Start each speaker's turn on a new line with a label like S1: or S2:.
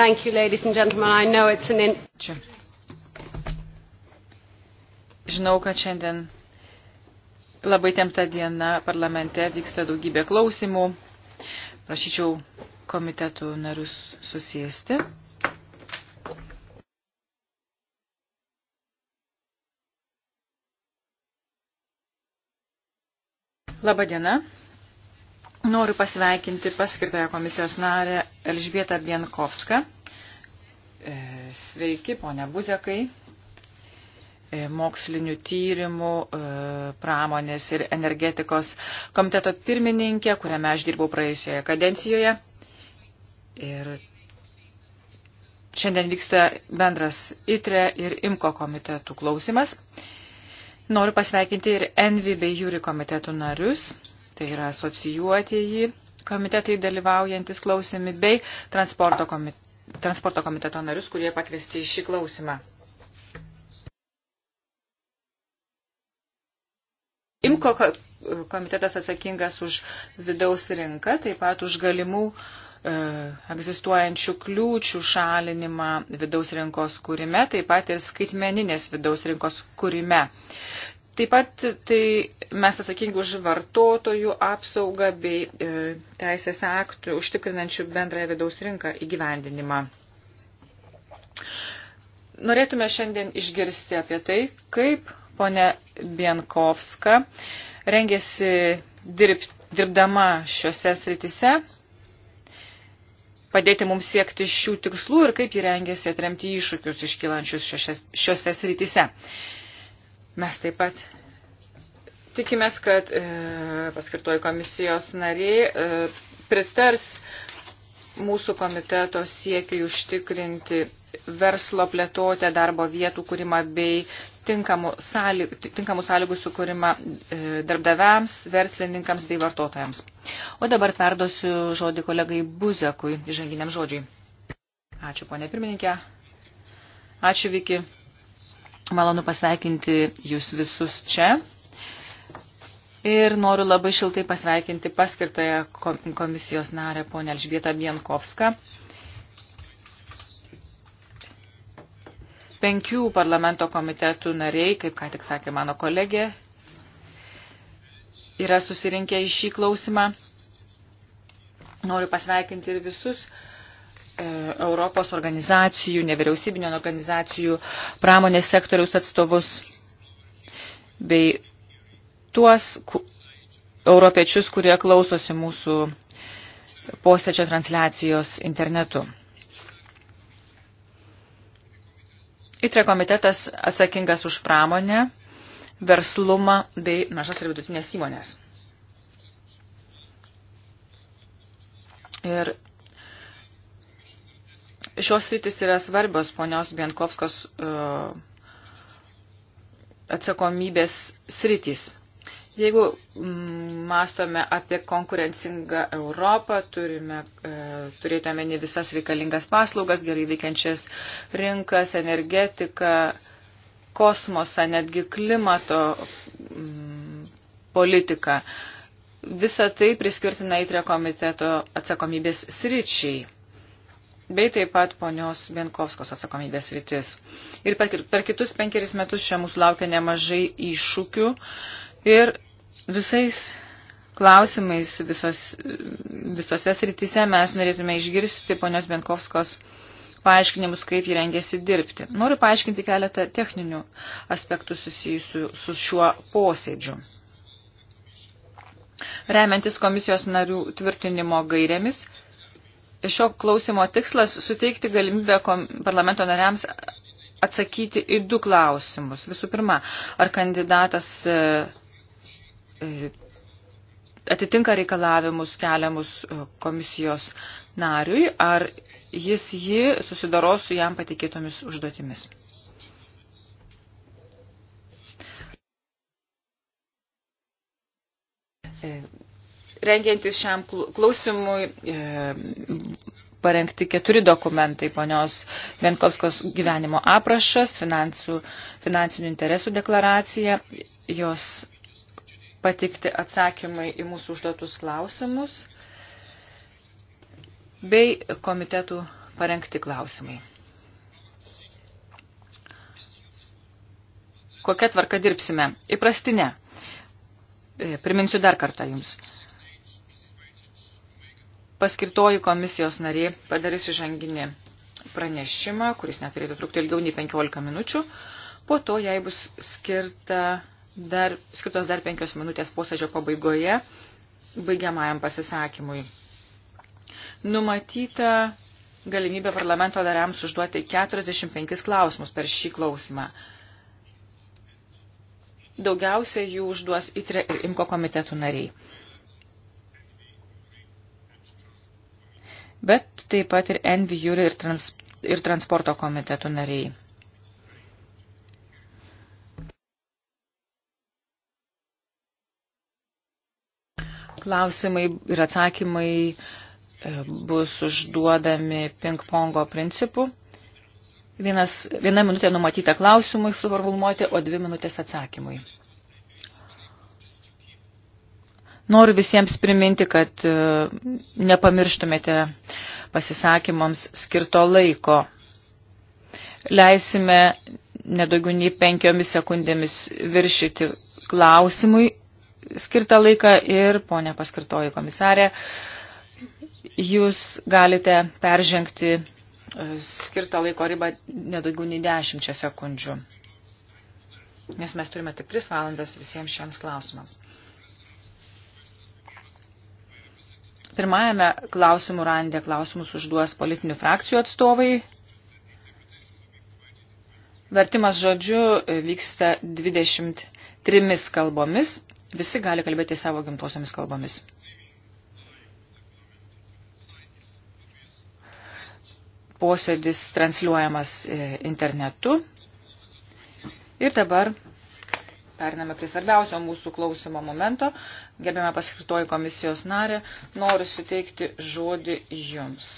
S1: Thank you, ladies and gentlemen. I know it's an in...
S2: Čia. Žinau, kad šiandien labai temta diena parlamente vyksta daugybė klausimų. Prašyčiau komitetų narius susijęsti. Labadiena. diena. Noriu pasveikinti paskirtąją komisijos narę Elžbietą Bienkovską. E, sveiki, ponia Buzekai. E, mokslinių tyrimų, e, pramonės ir energetikos komiteto pirmininkė, kuriame aš dirbau praėjusioje kadencijoje. Ir šiandien vyksta bendras ITRE ir IMKO komitetų klausimas. Noriu pasveikinti ir ENVI bei JURI komitetų narius tai yra asocijuotieji komitetai dalyvaujantis klausimi bei transporto, komit transporto komiteto narius, kurie pakviesti į šį klausimą. IMKO komitetas atsakingas už vidaus rinką, taip pat už galimų e, egzistuojančių kliūčių šalinimą vidaus rinkos kūrime, taip pat ir skaitmeninės vidaus rinkos kūrime. Taip pat tai mes atsakingi už vartotojų apsaugą bei e, teisės aktų užtikrinančių bendrąją vidaus rinką įgyvendinimą. Norėtume šiandien išgirsti apie tai, kaip ponė Bienkovska rengėsi dirb, dirbdama šiuose sritise, padėti mums siekti šių tikslų ir kaip ji rengėsi atremti iššūkius iškylančius šiuose, šiuose sritise. Mes taip pat tikimės, kad e, paskirtoji komisijos nariai e, pritars mūsų komiteto siekiui užtikrinti verslo plėtotę, darbo vietų kūrimą bei tinkamų sąlygų, tinkamų sąlygų sukūrimą e, darbdaviams, verslininkams bei vartotojams. O dabar perduosiu žodį kolegai Buzekui, žanginiam žodžiui. Ačiū, ponė pirmininkė. Ačiū, Viki. Malonu pasveikinti jūs visus čia. Ir noriu labai šiltai pasveikinti paskirtąją komisijos narę ponę Elžbietą Bienkovską. Penkių parlamento komitetų nariai, kaip ką tik sakė mano kolegė, yra susirinkę į šį klausimą. Noriu pasveikinti ir visus E, Europos organizacijų, nevyriausybinio organizacijų, pramonės sektoriaus atstovus bei tuos europiečius, kurie klausosi mūsų posėdžio transliacijos internetu. ITRE komitetas atsakingas už pramonę, verslumą bei mažas ir vidutinės įmonės. Ir Šios rytis yra svarbios ponios Bienkovskos uh, atsakomybės sritys. Jeigu mastome apie konkurencingą Europą, turime e, turėti omeny visas reikalingas paslaugas, gerai veikiančias rinkas, energetiką, kosmosą, netgi klimato m, politiką. Visa tai priskirtina įtrio komiteto atsakomybės sričiai bei taip pat ponios Vienkovskos atsakomybės rytis. Ir per kitus penkeris metus čia mūsų laukia nemažai iššūkių ir visais klausimais visos, visose srityse mes norėtume išgirsti ponios Vienkovskos paaiškinimus, kaip jį rengėsi dirbti. Noriu paaiškinti keletą techninių aspektų susijusių su šiuo posėdžiu. Remiantis komisijos narių tvirtinimo gairėmis, šio klausimo tikslas suteikti galimybę parlamento nariams atsakyti į du klausimus. Visų pirma, ar kandidatas e, e, atitinka reikalavimus keliamus e, komisijos nariui, ar jis jį susidaros su jam patikėtomis užduotimis. rengiantis šiam klausimui e, parengti keturi dokumentai ponios Benkovskos gyvenimo aprašas, finansų, finansinių interesų deklaracija, jos patikti atsakymai į mūsų užduotus klausimus bei komitetų parengti klausimai. Kokia tvarka dirbsime? Įprastinė. E, priminsiu dar kartą jums paskirtoji komisijos nariai padarys įžanginį pranešimą, kuris neturėtų trukti ilgiau nei 15 minučių. Po to, jai bus skirta dar, skirtos dar 5 minutės posėdžio pabaigoje, baigiamajam pasisakymui. Numatyta galimybė parlamento dariams užduoti 45 klausimus per šį klausimą. Daugiausiai jų užduos ITRE ir IMKO komitetų nariai. bet taip pat ir Envi Jūri ir, trans, ir transporto komitetų nariai. Klausimai ir atsakymai e, bus užduodami ping-pongo principu. Vienas, viena minutė numatyta klausimui suformuluoti, o dvi minutės atsakymui. Noriu visiems priminti, kad e, nepamirštumėte pasisakymams skirto laiko. Leisime nedaugiau nei penkiomis sekundėmis viršyti klausimui skirtą laiką ir, ponė paskirtoji komisarė, jūs galite peržengti e, skirtą laiko ribą nedaugiau nei dešimčia sekundžių, nes mes turime tik tris valandas visiems šiems klausimams. Pirmajame klausimų randė klausimus užduos politinių frakcijų atstovai. Vertimas žodžiu vyksta 23 kalbomis. Visi gali kalbėti savo gimtosiomis kalbomis. Posėdis transliuojamas e, internetu. Ir dabar Pername prie svarbiausio mūsų klausimo momento. Gerbėme paskirtoji komisijos narė. Noriu suteikti žodį jums.